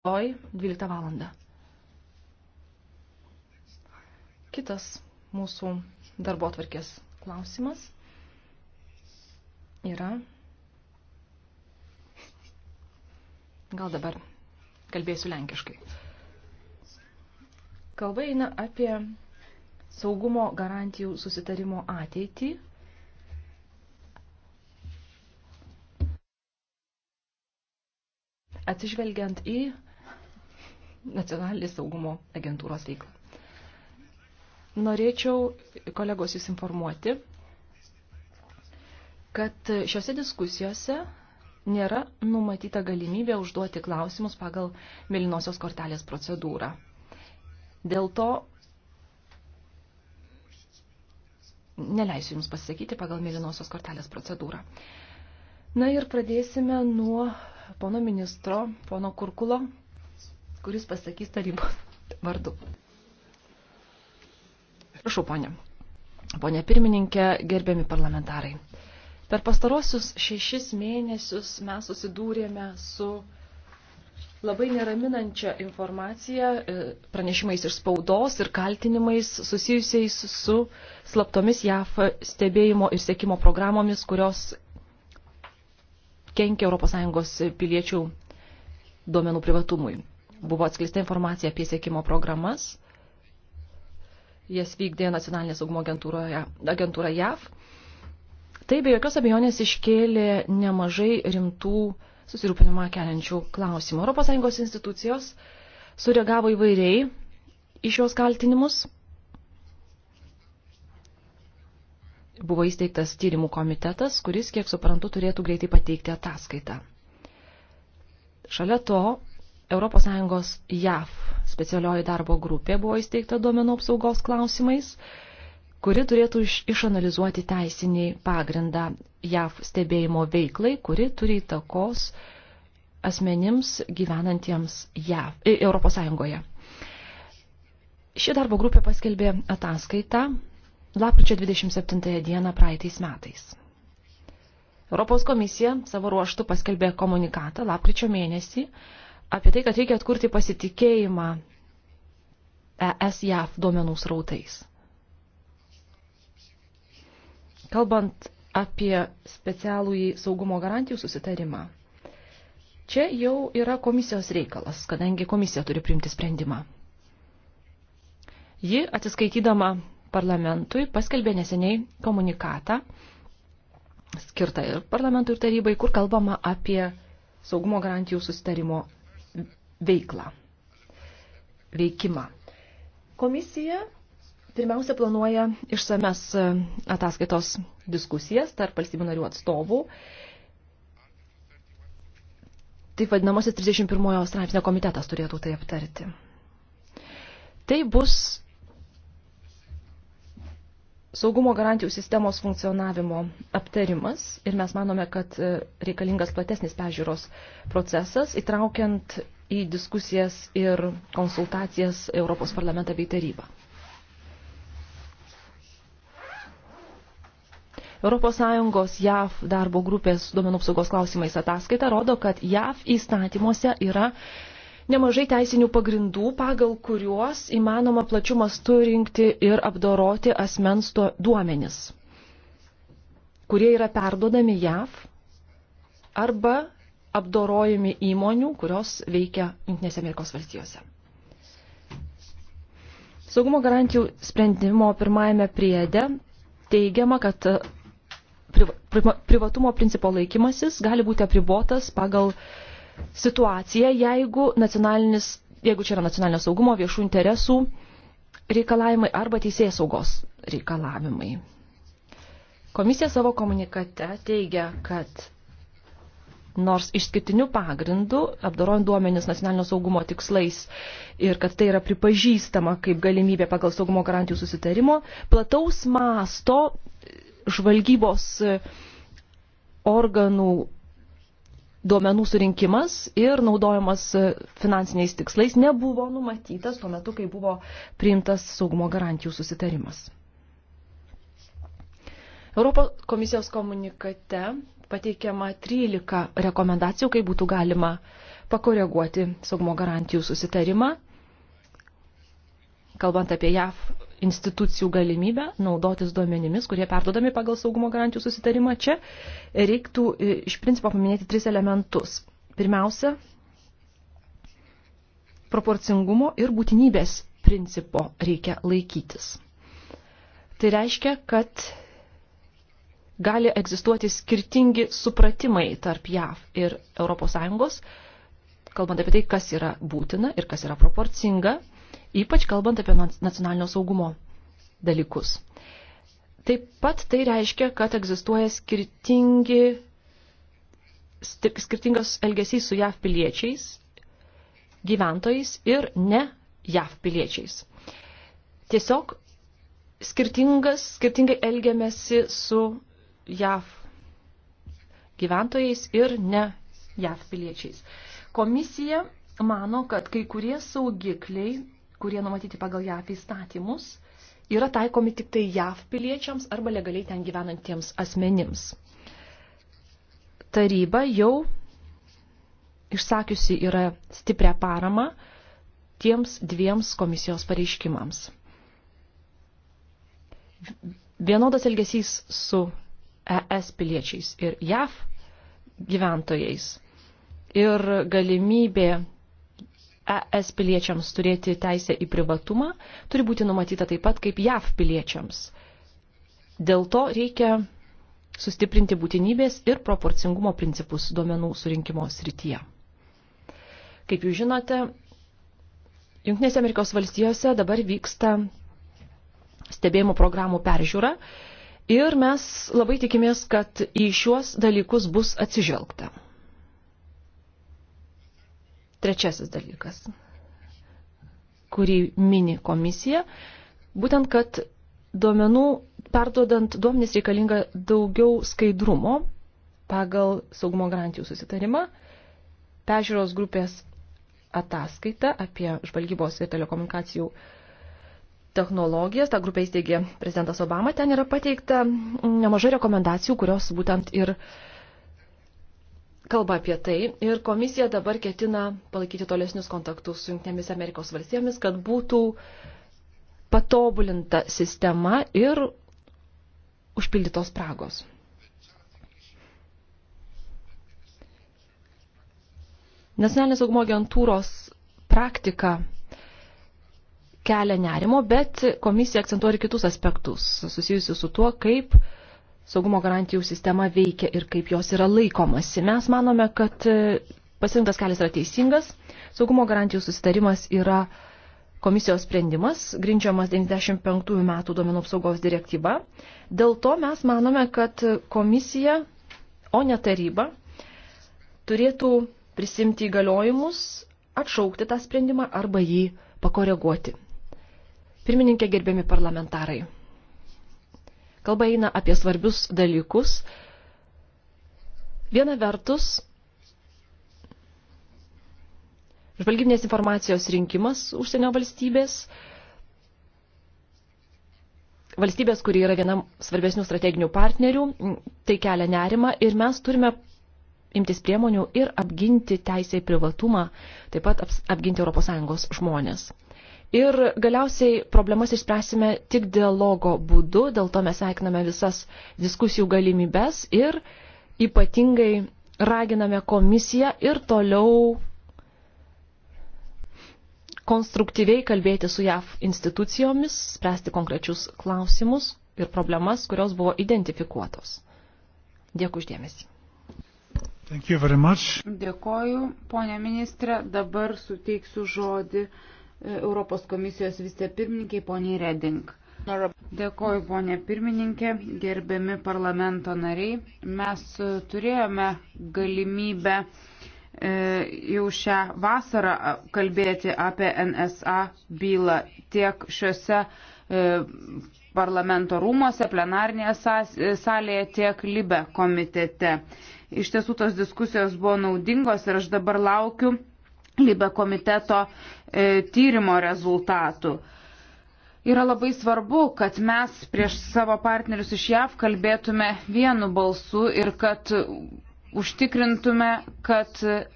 rytoj 12 valandą. Kitas mūsų darbo atvarkės klausimas yra, gal dabar kalbėsiu lenkiškai. Kalba eina apie saugumo garantijų susitarimo ateitį atsižvelgiant į nacionalinės saugumo agentūros veiklą. Norėčiau kolegos jūs informuoti, kad šiuose diskusijose nėra numatyta galimybė užduoti klausimus pagal mėlynosios kortelės procedūrą. Dėl to neleisiu Jums pasisakyti pagal mėlynosios kortelės procedūrą. Na ir pradėsime nuo pono ministro, pono Kurkulo kuris pasakys tarybos vardu. Prašau, ponė. Ponė pirmininkė, gerbiami parlamentarai. Per pastarosius šešis mėnesius mes susidūrėme su labai neraminančią informaciją e, pranešimais iš spaudos ir kaltinimais susijusiais su slaptomis JAF stebėjimo ir sėkimo programomis, kurios kenkia ES piliečių duomenų privatumui buvo atskleista informacija apie sėkimo programas. Jas vykdė nacionalinė saugumo agentūra JAV. Tai be jokios abejonės iškėlė nemažai rimtų susirūpinimą keliančių klausimų. ES institucijos sureagavo įvairiai į šios kaltinimus. Buvo įsteigtas tyrimų komitetas, kuris, kiek suprantu, turėtų greitai pateikti ataskaitą. Šalia to ES JAF specialioji darbo grupė buvo įsteigta duomenų apsaugos klausimais, kuri turėtų išanalizuoti teisinį pagrindą JAF stebėjimo veiklai, kuri turi įtakos asmenims gyvenantiems JAF, ES. Ši darbo grupė paskelbė ataskaitą lapkričio 27 dieną praeitais metais. Europos komisija savo ruoštų paskelbė komunikatą lapkričio mėnesį, apie tai, kad reikia atkurti pasitikėjimą ES-JAF duomenų srautais. Kalbant apie specialųjį saugumo garantijų susitarimą, čia jau yra komisijos reikalas, kadangi komisija turi priimti sprendimą. Ji atsiskaitydama parlamentui paskelbė neseniai komunikatą, skirtą ir parlamentui ir tarybai, kur kalbama apie saugumo garantijų susitarimo veiklą, veikimą. Komisija pirmiausia planuoja išsames e, ataskaitos diskusijas tarp valstybių narių atstovų. Taip vadinamasis 31 straipsnio komitetas turėtų tai aptarti. Tai bus saugumo garantijų sistemos funkcionavimo aptarimas ir mes manome, kad e, reikalingas platesnis pežiūros procesas, įtraukiant į diskusijas ir konsultacijas Europos parlamentą bei tarybą. ES JAF darbo grupės duomenų apsaugos klausimais ataskaita rodo, kad JAF įstatymuose yra nemažai teisinių pagrindų, pagal kuriuos įmanoma plačiu mastu rinkti ir apdoroti asmens duomenis, kurie yra perduodami JAF arba apdorojami įmonių, kurios veikia Junktinėse Amerikos valstijose. Saugumo garantijų sprendimo pirmajame priede teigiama, kad e, privatumo principo laikymasis gali būti apribotas pagal situaciją, jeigu, jeigu čia yra nacionalinio saugumo viešų interesų reikalavimai arba teisėjai saugos reikalavimai. Komisija savo komunikate teigia, kad nors išskirtiniu pagrindu, apdorojant duomenis nacionalinio saugumo tikslais ir kad tai yra pripažįstama kaip galimybė pagal saugumo garantijų susitarimo, plataus masto žvalgybos e, organų duomenų surinkimas ir naudojimas e, finansiniais tikslais nebuvo numatytas tuo metu, kai buvo priimtas saugumo garantijų susitarimas. Europos komisijos komunikate pateikiama 13 rekomendacijų, kaip būtų galima pakoreguoti saugumo garantijų susitarimą, kalbant apie JAV institucijų galimybę naudotis duomenimis, kurie perdodami pagal saugumo garantijų susitarimą. Čia reiktų e, iš principo paminėti tris elementus. Pirmiausia, proporcingumo ir būtinybės principo reikia laikytis. Tai reiškia, kad gali egzistuoti skirtingi supratimai tarp JAV ir ES, kalbant apie tai, kas yra būtina ir kas yra proporcinga, ypač kalbant apie nacionalinio saugumo dalykus. Taip pat tai reiškia, kad egzistuoja skirtingi, skirtingas elgesys su JAV piliečiais, gyventojais ir ne JAV piliečiais. Tiesiog skirtingas, skirtingai elgiamėsi su JAV gyventojais ir ne JAV piliečiais. Komisija mano, kad kai kurie saugikliai, kurie numatyti pagal JAV įstatymus, yra taikomi tik tai JAV piliečiams arba legaliai ten gyvenantiems asmenims. Taryba jau išsakiusi yra stiprią paramą tiems dviems komisijos pareiškimams. Vienodas elgesys su ES piliečiais ir JAV gyventojais. Ir galimybė ES piliečiams turėti teisę į privatumą turi būti numatyta taip pat kaip JAV piliečiams. Dėl to reikia sustiprinti būtinybės ir proporcingumo principus duomenų surinkimo srityje. Kaip jūs žinote, Junktinėse Amerikos valstijose dabar vyksta stebėjimo programų peržiūra Ir mes labai tikimės, kad į šiuos dalykus bus atsižvelgta. Trečiasis dalykas, kurį mini komisija, būtent, kad duomenų perduodant duomenys reikalinga daugiau skaidrumo pagal saugumo garantijų susitarimą, pežiūros grupės ataskaita apie žvalgybos ir telekomunikacijų uh, technologijas, tą grupę įsteigė prezidentas Obama, ten yra pateikta nemažai rekomendacijų, kurios būtent ir kalba apie tai. Ir komisija dabar ketina palaikyti tolesnius kontaktus su Junktinėmis Amerikos valstybėmis, kad būtų patobulinta sistema ir užpildytos spragos. Nacionalinės saugumo agentūros praktika kelia nerimo, bet komisija akcentuoja ir kitus aspektus susijusius su tuo, kaip saugumo garantijų sistema veikia ir kaip jos yra laikomasi. Mes manome, kad e, pasirinktas kelias yra teisingas, saugumo garantijų susitarimas yra komisijos sprendimas, grindžiamas 95 metų duomenų apsaugos direktyva. Dėl to mes manome, kad komisija, o ne taryba, turėtų prisimti įgaliojimus, atšaukti tą sprendimą arba jį pakoreguoti. Pirmininkė gerbiami parlamentarai. Kalba eina apie svarbius dalykus. Viena vertus, žvalgybinės informacijos rinkimas užsienio valstybės, valstybės, kuri yra viena svarbesnių strateginių partnerių, tai kelia nerimą ir mes turime imtis priemonių ir apginti teisę į privatumą, taip pat apginti ES žmonės. Ir galiausiai problemas išspręsime tik dialogo būdu, dėl to mes sveikiname visas diskusijų galimybes ir ypatingai raginame komisiją ir toliau konstruktyviai kalbėti su JAV institucijomis, spręsti konkrečius klausimus ir problemas, kurios buvo identifikuotos. Dėkui uždėmesį. Dėkoju, ponė ministrė. Dabar suteiksiu žodį Europos komisijos vicepirmininkiai poniai Reding. Dėkoju, ponė pirmininkė, gerbiami parlamento nariai. Mes turėjome galimybę e, jau šią vasarą kalbėti apie NSA bylą tiek šiuose e, parlamento rūmose, plenarnėje salėje, tiek Libe komitete. Iš tiesų tos diskusijos buvo naudingos ir aš dabar laukiu Libe komiteto E, tyrimo rezultatų. Yra labai svarbu, kad mes prieš savo partnerius iš JAV kalbėtume vienu balsu ir kad užtikrintume, kad e,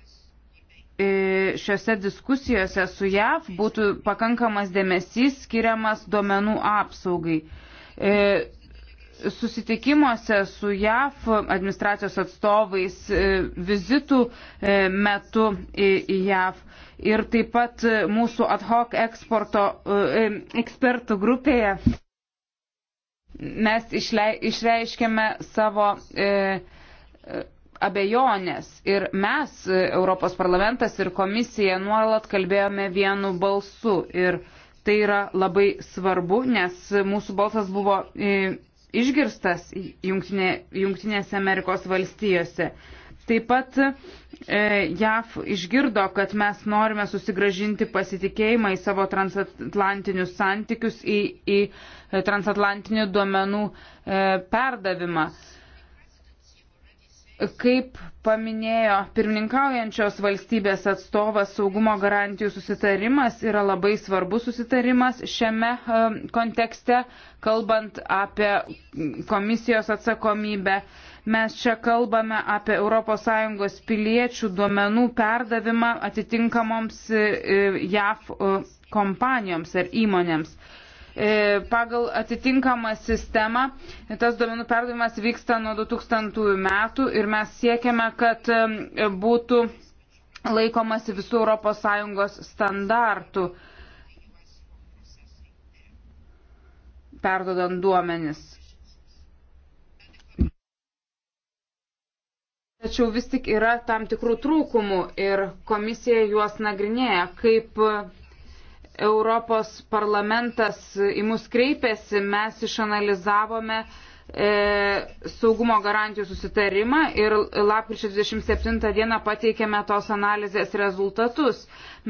šiuose diskusijose su JAV būtų pakankamas dėmesys skiriamas duomenų apsaugai. E, susitikimuose su JAF administracijos atstovais, e, vizitų e, metu į JAF ir taip pat e, mūsų ad hoc eksporto ekspertų grupėje mes išreiškėme savo abejonės ir mes, Europos parlamentas ir komisija, nuolat kalbėjome vienu balsu ir tai yra labai svarbu, nes mūsų balsas buvo išgirstas Jungtinė, Jungtinėse Amerikos valstijose. Taip pat e, JAF išgirdo, kad mes norime susigražinti pasitikėjimą į savo transatlantinius santykius, į, į transatlantinių duomenų e, perdavimą. E, Kaip paminėjo pirmininkaujančios valstybės atstovas, saugumo garantijų susitarimas yra labai svarbus susitarimas šiame e, kontekste, kalbant apie komisijos atsakomybę. Mes čia kalbame apie ES piliečių duomenų perdavimą atitinkamoms e, e, JAF kompanijoms ar įmonėms. E, pagal atitinkamą sistemą. Tas duomenų perdavimas vyksta nuo 2000 metų ir mes siekiame, kad e, būtų laikomasi visų ES standartų perdodant duomenis. Tačiau vis tik yra tam tikrų trūkumų ir komisija juos nagrinėja, kaip Europos parlamentas į mus kreipėsi, mes išanalizavome e, saugumo garantijų susitarimą ir lapkričio 27 dieną pateikėme tos analizės rezultatus.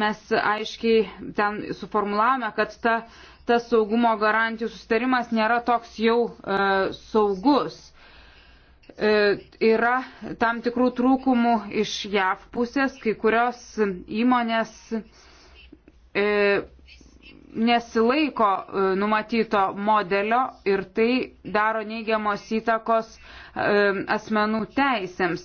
Mes aiškiai ten suformulavome, kad ta, tas saugumo garantijų susitarimas nėra toks jau e, saugus e, yra tam tikrų trūkumų iš JAV pusės, kai kurios įmonės E, nesilaiko e, numatyto modelio ir tai daro neigiamos įtakos e, asmenų teisėms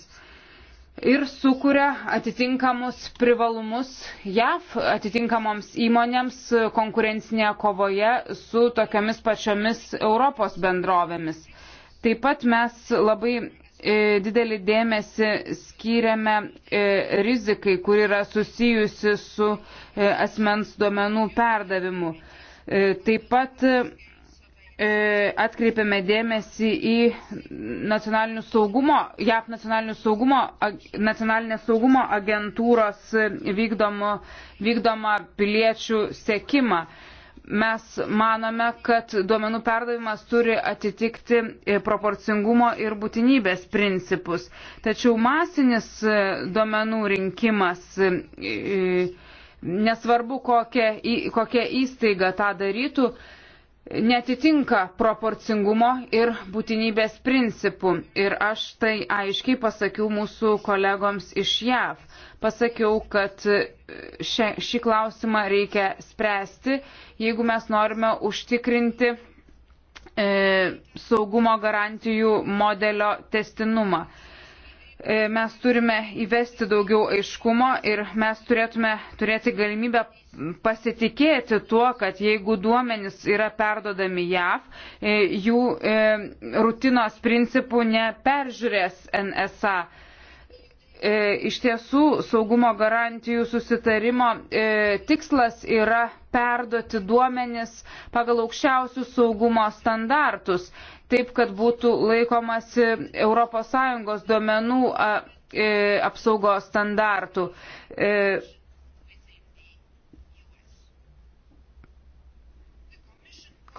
ir sukuria atitinkamus privalumus JAV atitinkamoms įmonėms konkurencinėje kovoje su tokiamis pačiomis Europos bendrovėmis. Taip pat mes labai E, didelį dėmesį skiriame e, rizikai, kur yra susijusi su e, asmens duomenų perdavimu. Taip pat atkreipiame dėmesį į nacionalinių saugumo, JAF nacionalinių saugumo, nacionalinės saugumo agentūros vykdomo, vykdomą piliečių sekimą. Mes manome, kad duomenų perdavimas turi atitikti e, proporcingumo ir būtinybės principus. Tačiau masinis e, duomenų rinkimas e, nesvarbu kokia, kokia įstaiga tą darytų, netitinka proporcingumo ir būtinybės principų. Ir aš tai aiškiai pasakiau mūsų kolegoms iš JAV. Pasakiau, kad e, šia, šį klausimą reikia spręsti, jeigu mes norime užtikrinti e, saugumo garantijų modelio testinumą. E, mes turime įvesti daugiau aiškumo ir mes turėtume turėti galimybę pasitikėti tuo, kad jeigu duomenys yra perdodami JAV, e, jų e, rutinos principų neperžiūrės NSA. E, iš tiesų saugumo garantijų susitarimo e, tikslas yra perduoti duomenis pagal aukščiausius saugumo standartus, taip kad būtų laikomasi ES duomenų e, apsaugos standartų.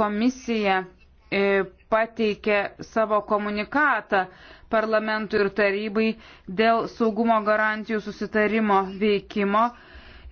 Komisija pateikė savo komunikatą parlamentui ir tarybai dėl saugumo garantijų susitarimo veikimo.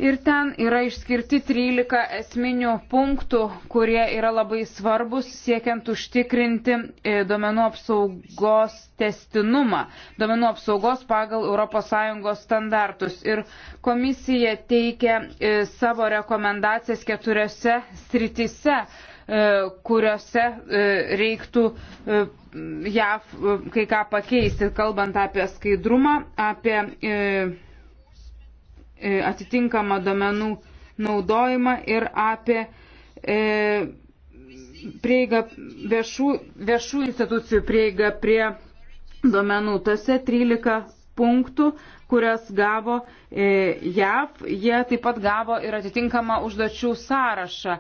Ir ten yra išskirti 13 esminių punktų, kurie yra labai svarbus siekiant užtikrinti e, duomenų apsaugos testinumą, duomenų apsaugos pagal ES standartus. Ir komisija teikia e, savo rekomendacijas keturiose sritise E, kuriuose e, reiktų e, JAV kai ką pakeisti, kalbant apie skaidrumą, apie atitinkamą domenų naudojimą ir apie prieigą viešų, viešų institucijų prieigą prie domenų. Tose 13 punktų, kurias gavo JAV, jie taip pat gavo ir atitinkamą užduočių sąrašą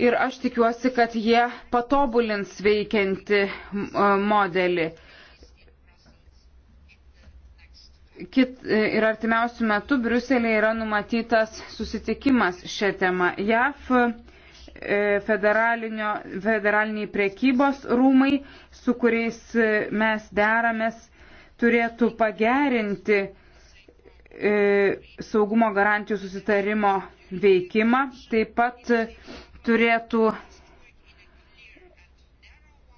ir aš tikiuosi, kad jie patobulins veikianti e, modelį. Kit, e, ir artimiausių metų Briuselėje yra numatytas susitikimas šią temą. JAF e, federaliniai priekybos rūmai, su kuriais mes deramės, turėtų pagerinti saugumo garantijų susitarimo veikimą. Taip pat turėtų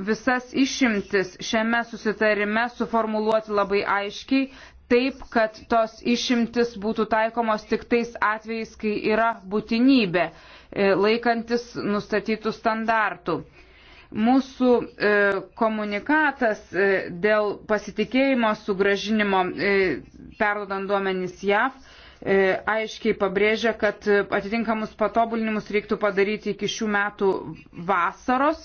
visas išimtis šiame susitarime suformuluoti labai aiškiai, taip, kad tos išimtis būtų taikomos tik tais atvejais, kai yra būtinybė e, laikantis nustatytų standartų. Mūsų e, komunikatas e, dėl pasitikėjimo sugražinimo perdodant duomenys JAV E, aiškiai pabrėžia, kad atitinkamus patobulinimus reiktų padaryti iki šių metų vasaros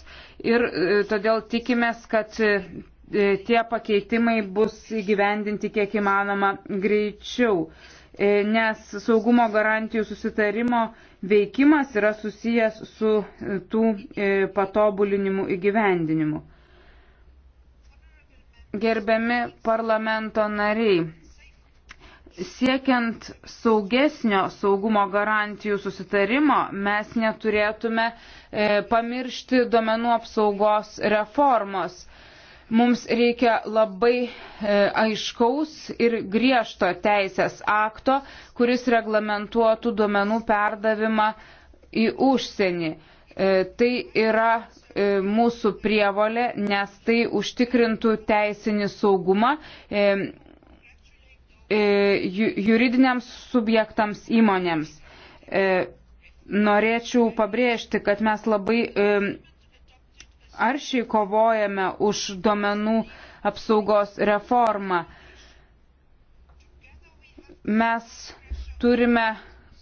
ir e, todėl tikimės, kad e, tie pakeitimai bus įgyvendinti kiek įmanoma greičiau, nes saugumo garantijų susitarimo veikimas yra susijęs su tų patobulinimų įgyvendinimu. Gerbiami parlamento nariai, siekiant saugesnio saugumo garantijų susitarimo, mes neturėtume e, pamiršti duomenų apsaugos reformos. Mums reikia labai e, aiškaus ir griežto teisės akto, kuris reglamentuotų duomenų perdavimą į užsienį. E, tai yra e, mūsų prievolė, nes tai užtikrintų teisinį saugumą e, E, juridiniams subjektams įmonėms. E, norėčiau pabrėžti, kad mes labai e, aršiai kovojame už duomenų apsaugos reformą. Mes turime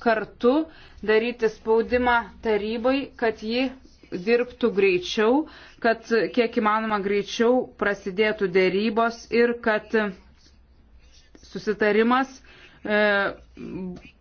kartu daryti spaudimą tarybai, kad ji dirbtų greičiau, kad kiek įmanoma greičiau prasidėtų dėrybos ir kad susitarimas e,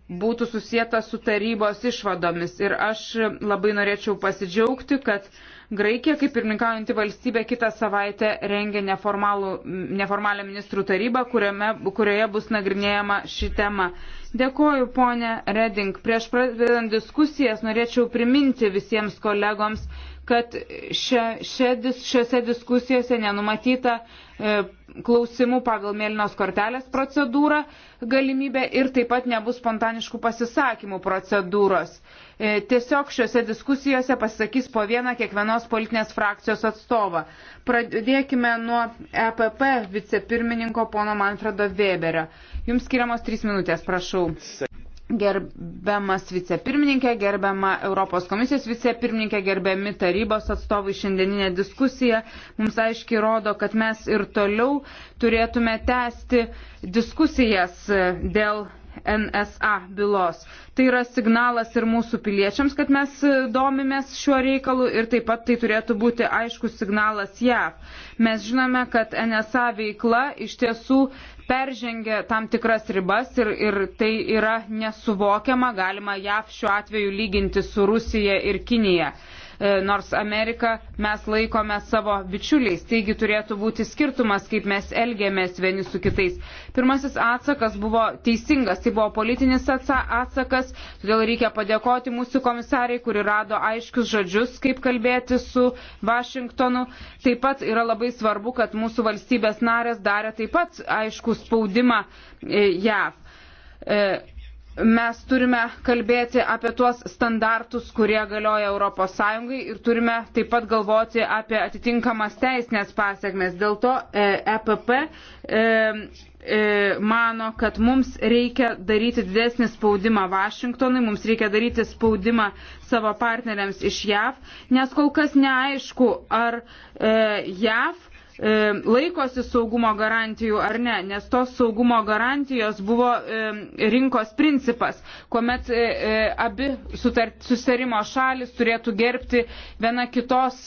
būtų susijęta su tarybos išvadomis. Ir aš labai norėčiau pasidžiaugti, kad Graikija, kaip pirmininkaujanti valstybė, kitą savaitę rengia neformalią ministrų tarybą, kuriame, kurioje bus nagrinėjama ši tema. Dėkoju, ponė Reding. Prieš pradedant diskusijas norėčiau priminti visiems kolegoms, kad šia, šia, šiose diskusijose nenumatyta e, klausimų pagal mėlynos kortelės procedūrą galimybė ir taip pat nebus spontaniškų pasisakymų procedūros. E, tiesiog šiose diskusijose pasisakys po vieną kiekvienos politinės frakcijos atstovą. Pradėkime nuo EPP vicepirmininko pono Manfredo Weberio. Jums skiriamos trys minutės, prašau. Gerbiamas vicepirmininkė, gerbiama Europos komisijos vicepirmininkė, gerbiami tarybos atstovai šiandieninė diskusija mums aiškiai rodo, kad mes ir toliau turėtume tęsti diskusijas dėl NSA bylos. Tai yra signalas ir mūsų piliečiams, kad mes domimės šiuo reikalu ir taip pat tai turėtų būti aiškus signalas JAV. Mes žinome, kad NSA veikla iš tiesų peržengia tam tikras ribas ir, ir tai yra nesuvokiama, galima JAV šiuo atveju lyginti su Rusija ir Kinija. E, nors Ameriką mes laikome savo bičiuliais. Taigi turėtų būti skirtumas, kaip mes elgiamės vieni su kitais. Pirmasis atsakas buvo teisingas, tai buvo politinis atsakas, todėl reikia padėkoti mūsų komisariai, kuri rado aiškius žodžius, kaip kalbėti su Vašingtonu. Taip pat yra labai svarbu, kad mūsų valstybės narės darė taip pat aišku spaudimą e, JAV. E, mes turime kalbėti apie tuos standartus, kurie galioja ES ir turime taip pat galvoti apie atitinkamas teisinės pasiekmes. Dėl to EPP e e, e, mano, kad mums reikia daryti didesnį spaudimą Vašingtonui, mums reikia daryti spaudimą savo partneriams iš JAV, nes kol kas neaišku, ar JAV E, laikosi saugumo garantijų ar ne, nes tos saugumo garantijos buvo e, rinkos principas, kuomet e, abi susitarimo šalis turėtų gerbti viena kitos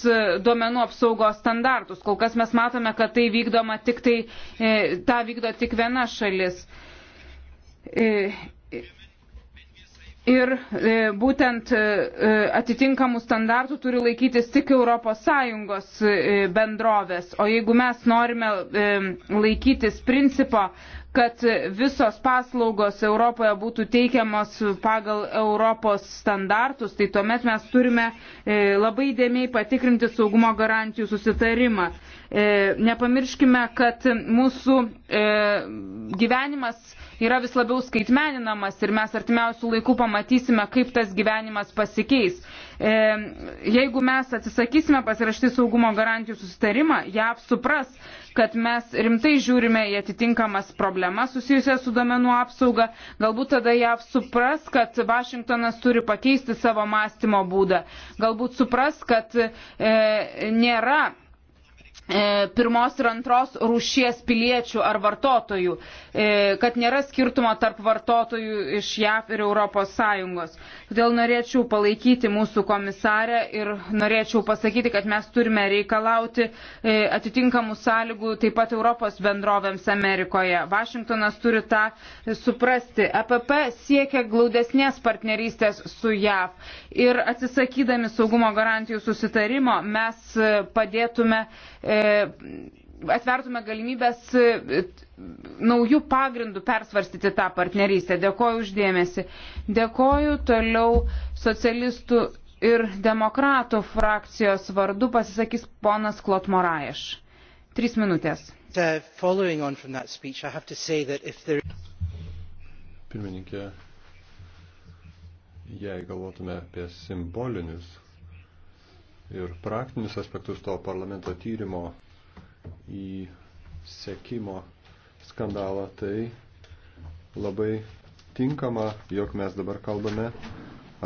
duomenų apsaugos standartus. Kol kas mes matome, kad tai vykdoma tik tai, tą vykdo tik viena šalis ir e, būtent e, e, atitinkamų standartų turi laikytis tik ES bendrovės. O jeigu mes norime laikytis principo, kad visos paslaugos Europoje būtų teikiamos pagal Europos standartus, tai tuomet mes turime labai dėmiai patikrinti saugumo garantijų susitarimą. E, nepamirškime, kad mūsų e, gyvenimas yra vis labiau skaitmeninamas ir mes artimiausių laikų pamatysime, kaip tas gyvenimas pasikeis. E, jeigu mes atsisakysime pasirašti saugumo garantijų susitarimą, JAV supras, kad mes rimtai žiūrime į atitinkamas problemas susijusias su domenų apsauga. Galbūt tada JAV supras, kad Vašingtonas turi pakeisti savo mąstymo būdą. Galbūt supras, kad e, nėra E, pirmos ir antros rūšies piliečių ar vartotojų, e, kad nėra skirtumo tarp vartotojų iš JAV ir ES. Todėl norėčiau palaikyti mūsų komisarę ir norėčiau pasakyti, kad mes turime reikalauti e, atitinkamų sąlygų taip pat Europos bendrovėms Amerikoje. Vašingtonas turi tą suprasti. EPP siekia glaudesnės partnerystės su JAV ir atsisakydami saugumo garantijų susitarimo mes padėtume E, atvertume galimybės e, naujų pagrindų persvarstyti tą partnerystę. Dėkoju uždėmesi. Dėkoju toliau socialistų ir demokratų frakcijos vardu pasisakys ponas Klot Moraeš. Trys minutės. Uh, Pirmininkė, jei galvotume apie simbolinius ir praktinius aspektus to parlamento tyrimo į sekimo skandalą, tai labai tinkama, jog mes dabar kalbame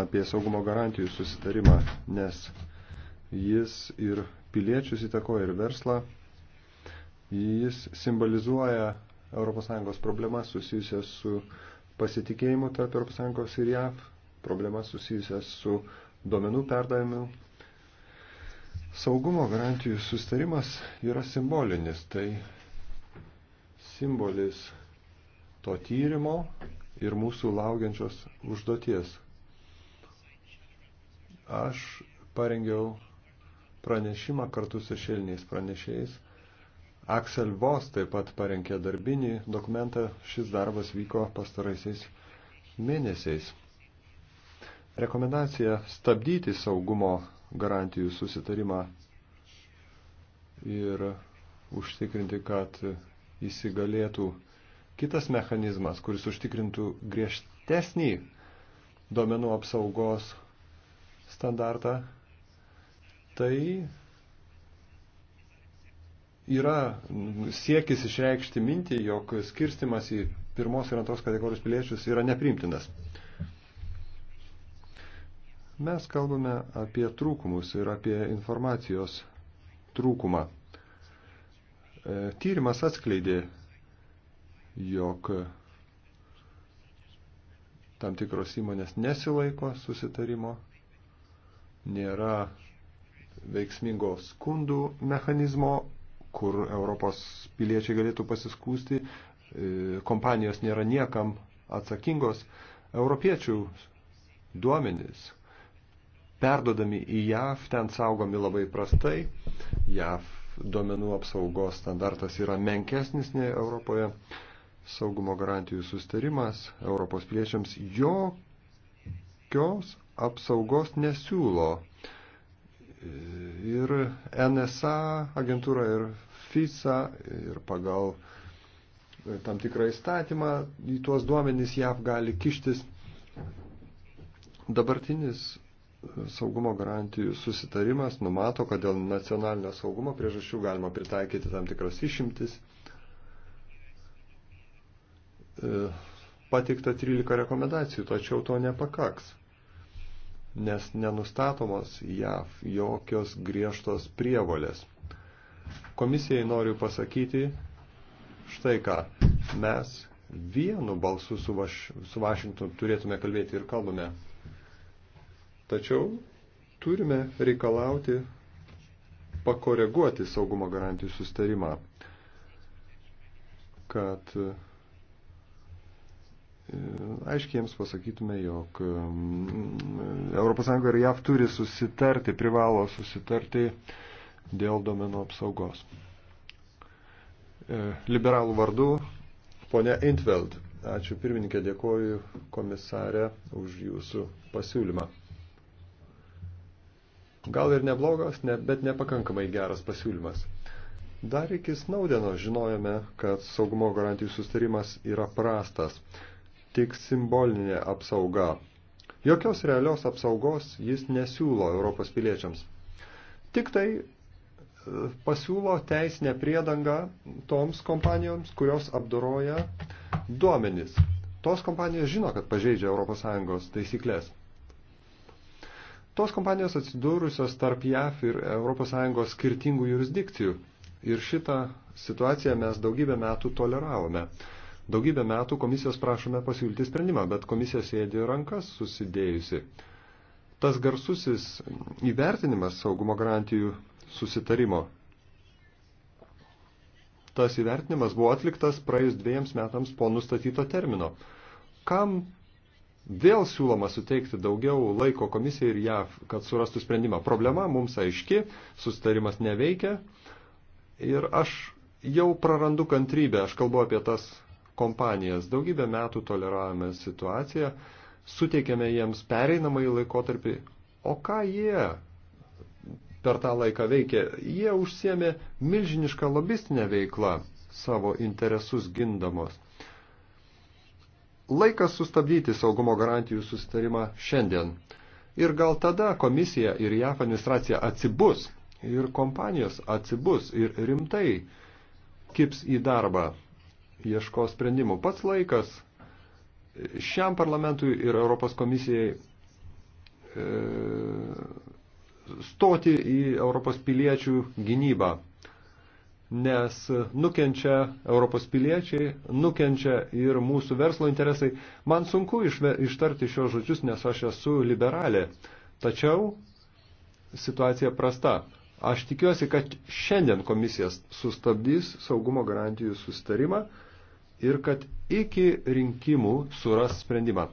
apie saugumo garantijų susitarimą, nes jis ir piliečius įtakoja ir verslą, jis simbolizuoja ES problemas susijusias su pasitikėjimu tarp ES ir JAV, problemas susijusias su duomenų perdavimu Saugumo garantijų sustarimas yra simbolinis, tai simbolis to tyrimo ir mūsų laukiančios užduoties. Aš parengiau pranešimą kartu su šelniais pranešėjais. Aksel Vos taip pat parengė darbinį dokumentą, šis darbas vyko pastaraisiais mėnesiais. Rekomendacija stabdyti saugumo garantijų susitarimą ir užtikrinti, kad įsigalėtų kitas mechanizmas, kuris užtikrintų griežtesnį duomenų apsaugos standartą, tai yra siekis išreikšti mintį, jog skirstimas į pirmos ir antros kategorijos piliečius yra neprimtinas. Mes kalbame apie trūkumus ir apie informacijos trūkumą. E, tyrimas atskleidė, jog tam tikros įmonės nesilaiko susitarimo, nėra veiksmingo skundų mechanizmo, kur Europos piliečiai galėtų pasiskūsti, e, kompanijos nėra niekam atsakingos. Europiečių duomenys perdodami į JAV, ten saugomi labai prastai. JAV duomenų apsaugos standartas yra menkesnis nei Europoje. Saugumo garantijų sustarimas Europos piliečiams jokios apsaugos nesiūlo. Ir NSA agentūra ir FISA ir pagal tam tikrą įstatymą į tuos duomenys JAV gali kištis. Dabartinis saugumo garantijų susitarimas numato, kad dėl nacionalinio saugumo priežasčių galima pritaikyti tam tikras išimtis. E, pateikta 13 rekomendacijų, tačiau to nepakaks, nes nenustatomos JAV jokios griežtos prievolės. Komisijai noriu pasakyti štai ką. Mes vienu balsu su, Vaš su Vašingtonu turėtume kalbėti ir kalbame Tačiau turime reikalauti pakoreguoti saugumo garantijų sustarimą, kad e, aiškiai jiems pasakytume, jog mm, ES ir JAV turi susitarti, privalo susitarti dėl domenų apsaugos. E, liberalų vardu, ponia Intveld. Ačiū pirmininkė, dėkoju komisarė už jūsų pasiūlymą. Gal ir neblogas, ne, bet nepakankamai geras pasiūlymas. Dar iki Snaudeno žinojome, kad saugumo garantijų sustarimas yra prastas, tik simbolinė apsauga. Jokios realios apsaugos jis nesiūlo Europos piliečiams. Tik tai e, pasiūlo teisinę priedangą toms kompanijoms, kurios apdoroja duomenis. Tos kompanijos žino, kad pažeidžia ES taisyklės tos kompanijos atsidūrusios tarp JAF ir ES skirtingų jurisdikcijų. Ir šitą situaciją mes daugybę metų toleravome. Daugybę metų komisijos prašome pasiūlyti sprendimą, bet komisija sėdė rankas susidėjusi. Tas garsusis įvertinimas saugumo garantijų susitarimo. Tas įvertinimas buvo atliktas praėjus dviejams metams po nustatyto termino. Kam Vėl siūloma suteikti daugiau laiko komisijai ir JAV, kad surastų sprendimą. Problema mums aiški, sustarimas neveikia ir aš jau prarandu kantrybę, aš kalbu apie tas kompanijas. Daugybę metų toleravome situaciją, suteikėme jiems pereinamąjį laikotarpį. O ką jie per tą laiką veikė? Jie užsiemė milžinišką lobistinę veiklą savo interesus gindamos. Laikas sustabdyti saugumo garantijų susitarimą šiandien. Ir gal tada komisija ir JAF administracija atsibus, ir kompanijos atsibus, ir rimtai kips į darbą, ieško sprendimų. Pats laikas šiam parlamentui ir Europos komisijai e, stoti į Europos piliečių gynybą nes nukenčia Europos piliečiai, nukenčia ir mūsų verslo interesai. Man sunku ištarti šios žodžius, nes aš esu liberalė. Tačiau situacija prasta. Aš tikiuosi, kad šiandien komisijas sustabdys saugumo garantijų sustarimą ir kad iki rinkimų suras sprendimą.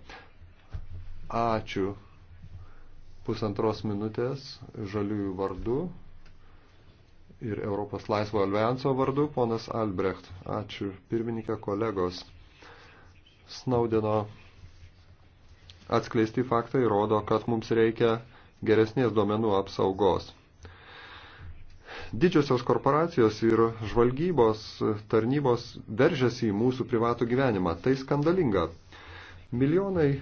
Ačiū. Pusantros minutės žaliųjų vardu ir Europos laisvo alianso vardu ponas Albrecht. Ačiū pirmininkė kolegos. Snaudino atskleisti faktai rodo, kad mums reikia geresnės duomenų apsaugos. Didžiosios korporacijos ir žvalgybos tarnybos veržiasi į mūsų privatų gyvenimą. Tai skandalinga. Milijonai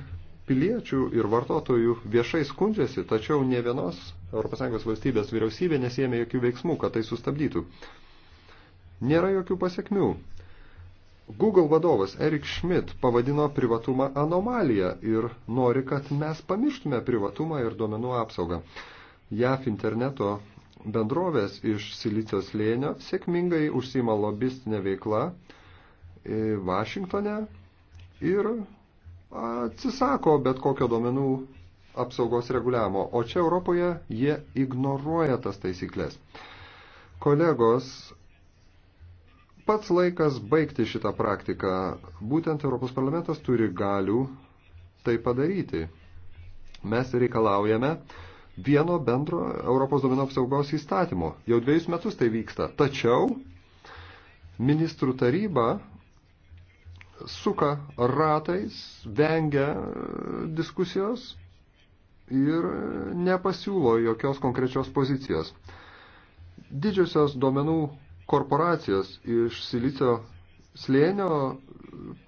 piliečių ir vartotojų viešai skundžiasi, tačiau ne vienos ES valstybės vyriausybė nesėmė jokių veiksmų, kad tai sustabdytų. Nėra jokių pasiekmių. Google vadovas Erik Schmidt pavadino privatumą anomaliją ir nori, kad mes pamirštume privatumą ir duomenų apsaugą. JAF interneto bendrovės iš Silicijos lėnio sėkmingai užsima lobistinę veiklą e, Vašingtone ir atsisako bet kokio duomenų apsaugos reguliavimo, o čia Europoje jie ignoruoja tas taisyklės. Kolegos, pats laikas baigti šitą praktiką. Būtent Europos parlamentas turi galių tai padaryti. Mes reikalaujame vieno bendro Europos domino apsaugos įstatymo. Jau dviejus metus tai vyksta. Tačiau ministrų taryba suka ratais, vengia e, diskusijos ir e, nepasiūlo jokios konkrečios pozicijos. Didžiosios duomenų korporacijos iš silicio slėnio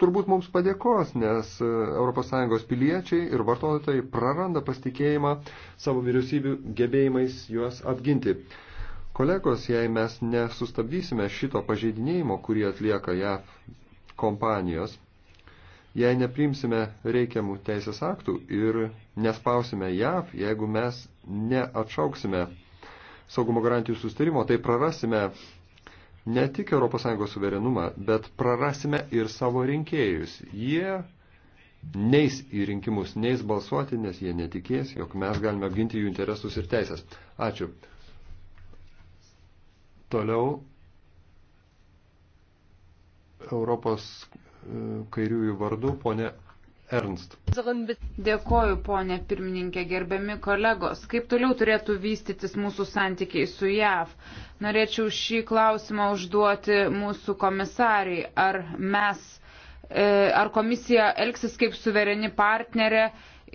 turbūt mums padėkos, nes e, ES piliečiai ir vartotojai praranda pasitikėjimą savo vyriausybių gebėjimais juos apginti. Kolegos, jei mes nesustabdysime šito pažeidinėjimo, kurį atlieka JAV kompanijos, jei neprimsime reikiamų teisės aktų ir nespausime JAV, jeigu mes neatšauksime saugumo garantijų sustarimo, tai prarasime ne tik ES suverenumą, bet prarasime ir savo rinkėjus. Jie neis į rinkimus, neis balsuoti, nes jie netikės, jog mes galime apginti jų interesus ir teisės. Ačiū. Toliau Europos e, kairiųjų vardu, ponė Ernst. Dėkoju, ponė pirmininkė, gerbiami kolegos. Kaip toliau turėtų vystytis mūsų santykiai su JAV? Norėčiau šį klausimą užduoti mūsų komisariai. Ar mes, e, ar komisija elgsis kaip suvereni partnerė?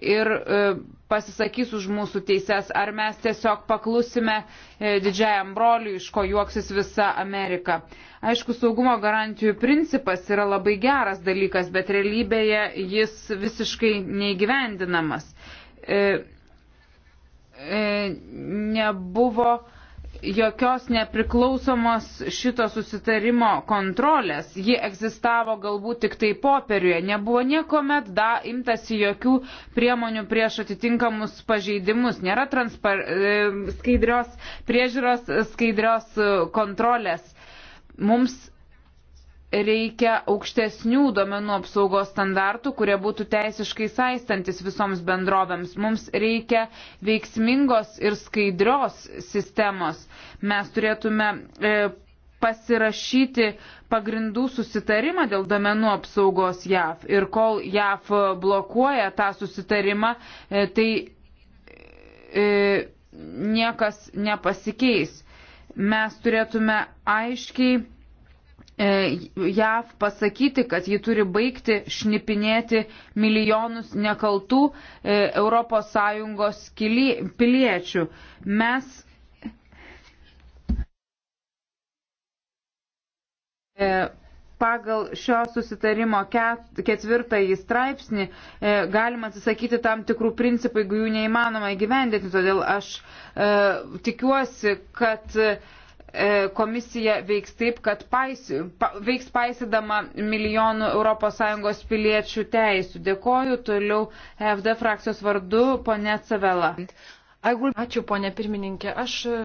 ir e, pasisakys už mūsų teises, ar mes tiesiog paklusime e, didžiajam broliui, iš ko juoksis visa Amerika. Aišku, saugumo garantijų principas yra labai geras dalykas, bet realybėje jis visiškai neįgyvendinamas. E, nebuvo jokios nepriklausomos šito susitarimo kontrolės. Ji egzistavo galbūt tik tai popieriuje. Nebuvo niekuomet da, imtasi jokių priemonių prieš atitinkamus pažeidimus. Nėra transpar, e, skaidrios priežiūros, skaidrios e, kontrolės. Mums reikia aukštesnių duomenų apsaugos standartų, kurie būtų teisiškai saistantis visoms bendrovėms. Mums reikia veiksmingos ir skaidrios sistemos. Mes turėtume e, pasirašyti pagrindų susitarimą dėl domenų apsaugos JAV. Ir kol JAV blokuoja tą susitarimą, e, tai e, niekas nepasikeis. Mes turėtume aiškiai E, JAV pasakyti, kad ji turi baigti šnipinėti milijonus nekaltų ES piliečių. Mes e, pagal šio susitarimo ketvirtąjį straipsnį e, galima atsisakyti tam tikrų principų, jeigu jų neįmanoma įgyvendinti. Todėl aš tikiuosi, kad E, komisija veiks taip, kad paisi, pa, veiks paisydama milijonų ES piliečių teisų. Dėkoju toliau FD frakcijos vardu, ponė Cavela. Ačiū, ponė pirmininkė. Aš e,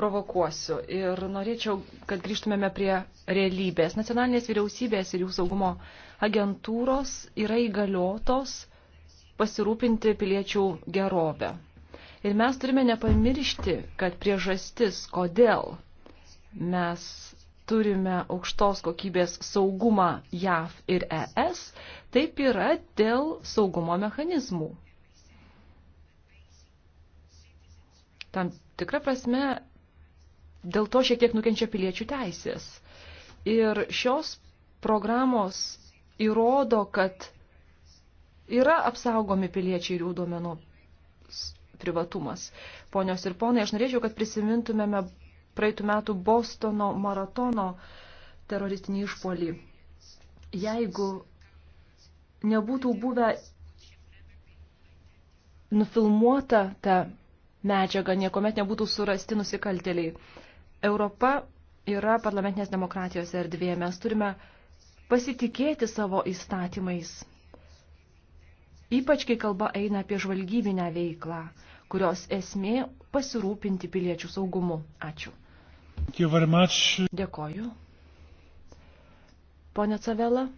provokuosiu ir norėčiau, kad grįžtumėme prie realybės. Nacionalinės vyriausybės ir jų saugumo agentūros yra įgaliotos pasirūpinti piliečių gerovę. Ir mes turime nepamiršti, kad priežastis, kodėl Mes turime aukštos kokybės saugumą JAV ir ES, taip yra dėl saugumo mechanizmų. Tam tikra prasme, dėl to šiek tiek nukenčia piliečių teisės. Ir šios programos įrodo, kad yra apsaugomi piliečiai ir jų duomenų privatumas. Ponios ir ponai, aš norėčiau, kad prisimintumėme praeitų metų Bostono maratono teroristinį išpolį. Jeigu nebūtų buvę nufilmuota ta medžiaga, niekuomet nebūtų surasti nusikaltėliai. Europa yra parlamentinės demokratijos erdvė. Mes turime pasitikėti savo įstatymais. Ypač, kai kalba eina apie žvalgybinę veiklą, kurios esmė pasirūpinti piliečių saugumu. Ačiū. Dėkoju. Pone Cavela.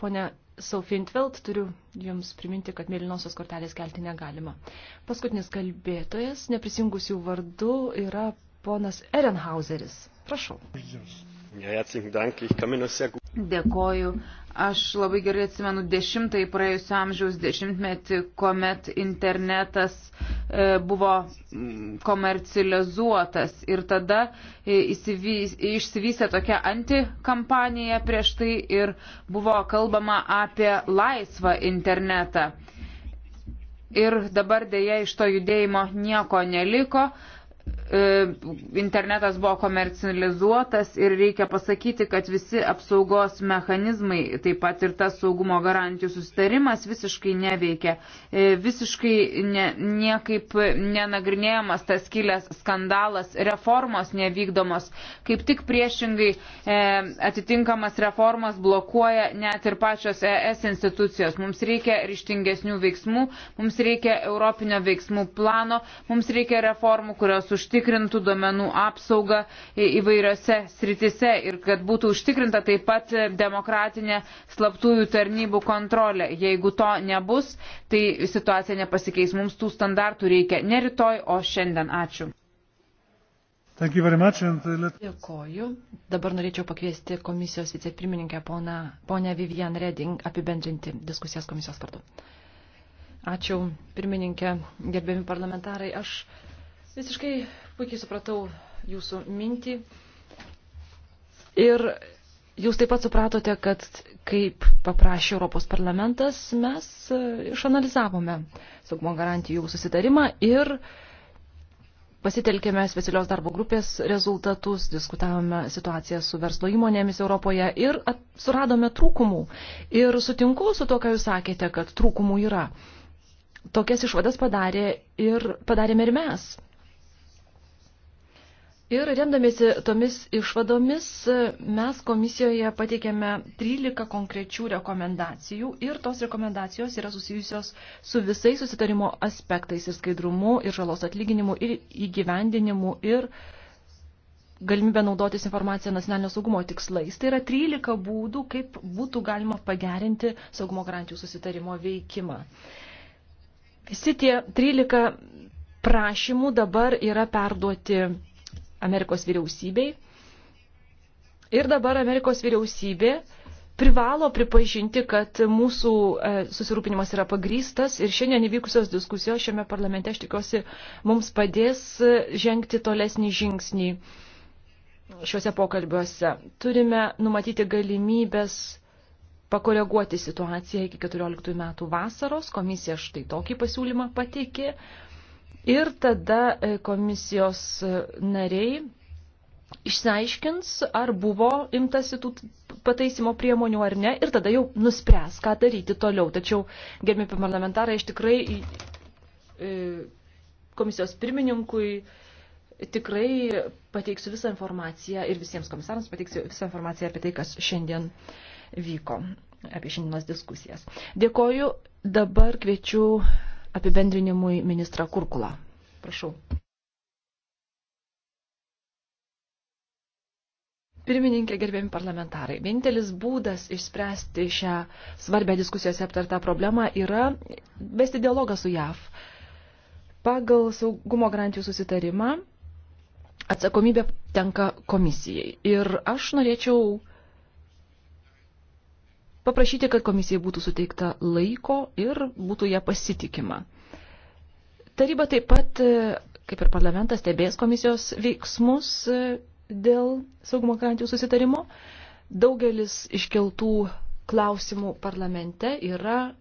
Pone Saufintveld, turiu Jums priminti, kad mėlynosios kortelės kelti negalima. Paskutinis kalbėtojas, neprisingusių vardų, yra ponas Erenhauseris. Prašau. Dėkoju. Aš labai gerai atsimenu dešimtąjį praėjusio amžiaus dešimtmetį, kuomet internetas e, buvo mm, komercializuotas ir tada e, įsivys, išsivysė tokia antikampanija prieš tai ir buvo kalbama apie laisvą internetą. Ir dabar dėja iš to judėjimo nieko neliko. E, E, internetas buvo komercializuotas ir reikia pasakyti, kad visi apsaugos mechanizmai, taip pat ir tas saugumo garantijų sustarimas visiškai neveikia. E, visiškai ne, niekaip nenagrinėjamas tas kilęs skandalas, reformos nevykdomos. Kaip tik priešingai e, atitinkamas reformas blokuoja net ir pačios ES institucijos. Mums reikia ryštingesnių veiksmų, mums reikia europinio veiksmų plano, mums reikia reformų, kurios užtikrina užtikrintų duomenų apsaugą įvairiose sritise ir kad būtų užtikrinta taip pat demokratinė slaptųjų tarnybų kontrolė. Jeigu to nebus, tai situacija nepasikeis. Mums tų standartų reikia ne rytoj, o šiandien. Ačiū. Uh, Dėkoju. Dabar norėčiau pakviesti komisijos vicepirmininkę ponę Vivian Reding apibendrinti diskusijas komisijos vardu. Ačiū, pirmininkė, gerbiami parlamentarai. Aš visiškai Puikiai supratau jūsų mintį. Ir jūs taip pat supratote, kad kaip paprašė Europos parlamentas, mes e, išanalizavome saugumo garantijų susitarimą ir pasitelkėme specialios darbo grupės rezultatus, diskutavome situaciją su verslo įmonėmis Europoje ir at, suradome trūkumų. Ir sutinku su to, ką jūs sakėte, kad trūkumų yra. Tokias išvadas padarė ir, padarėme ir mes. Ir remdamėsi tomis išvadomis, mes komisijoje pateikėme 13 konkrečių rekomendacijų ir tos rekomendacijos yra susijusios su visais susitarimo aspektais ir skaidrumu, ir žalos atlyginimu, ir įgyvendinimu, ir galimybę naudotis informaciją nacionalinio saugumo tikslais. Tai yra 13 būdų, kaip būtų galima pagerinti saugumo garantijų susitarimo veikimą. Visi tie 13 prašymų dabar yra perduoti Amerikos vyriausybei. Ir dabar Amerikos vyriausybė privalo pripažinti, kad mūsų e, susirūpinimas yra pagrystas ir šiandien įvykusios diskusijos šiame parlamente, aš tikiuosi, mums padės e, žengti tolesnį žingsnį šiuose pokalbiuose. Turime numatyti galimybės pakoreguoti situaciją iki 14 metų vasaros. Komisija štai tokį pasiūlymą pateikė. Ir tada e, komisijos e, nariai išsiaiškins, ar buvo imtasi tų pataisimo priemonių ar ne, ir tada jau nuspręs, ką daryti toliau. Tačiau, gerbimi parlamentarai, aš tikrai e, komisijos pirmininkui tikrai pateiksiu visą informaciją ir visiems komisarams pateiksiu visą informaciją apie tai, kas šiandien vyko, apie šiandienos diskusijas. Dėkoju, dabar kviečiu apibendrinimui ministrą Kurkulą. Prašau. Pirmininkė, gerbėmi parlamentarai, vienintelis būdas išspręsti šią svarbę diskusijose aptartą problemą yra vesti dialogą su JAV. Pagal saugumo garantijų susitarimą atsakomybė tenka komisijai. Ir aš norėčiau paprašyti, kad komisijai būtų suteikta laiko ir būtų ją pasitikima. Taryba taip pat, kaip ir parlamentas, stebės komisijos veiksmus e, dėl saugumo garantijų susitarimo. Daugelis iškeltų klausimų parlamente yra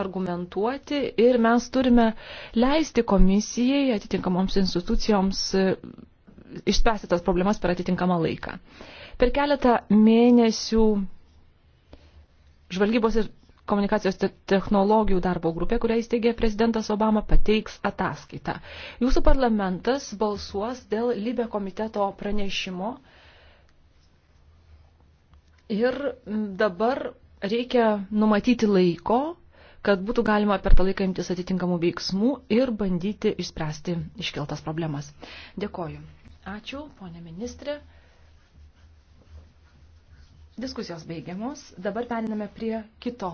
argumentuoti ir mes turime leisti komisijai, atitinkamoms institucijoms e, išspręsti tas problemas per atitinkamą laiką. Per keletą mėnesių žvalgybos ir komunikacijos technologijų darbo grupė, kurią įsteigė prezidentas Obama, pateiks ataskaitą. Jūsų parlamentas balsuos dėl Libė komiteto pranešimo. Ir dabar reikia numatyti laiko, kad būtų galima per tą laiką imtis atitinkamų veiksmų ir bandyti išspręsti iškeltas problemas. Dėkoju. Ačiū, ponė ministrė. Diskusijos baigiamos. Dabar periname prie kito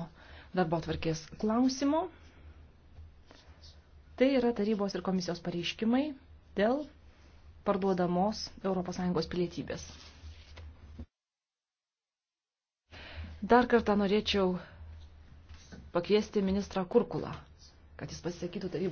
darbo tvarkės klausimo. Tai yra tarybos ir komisijos pareiškimai dėl parduodamos ES pilietybės. Dar kartą norėčiau pakviesti ministrą Kurkulą, kad jis pasisakytų tarybos.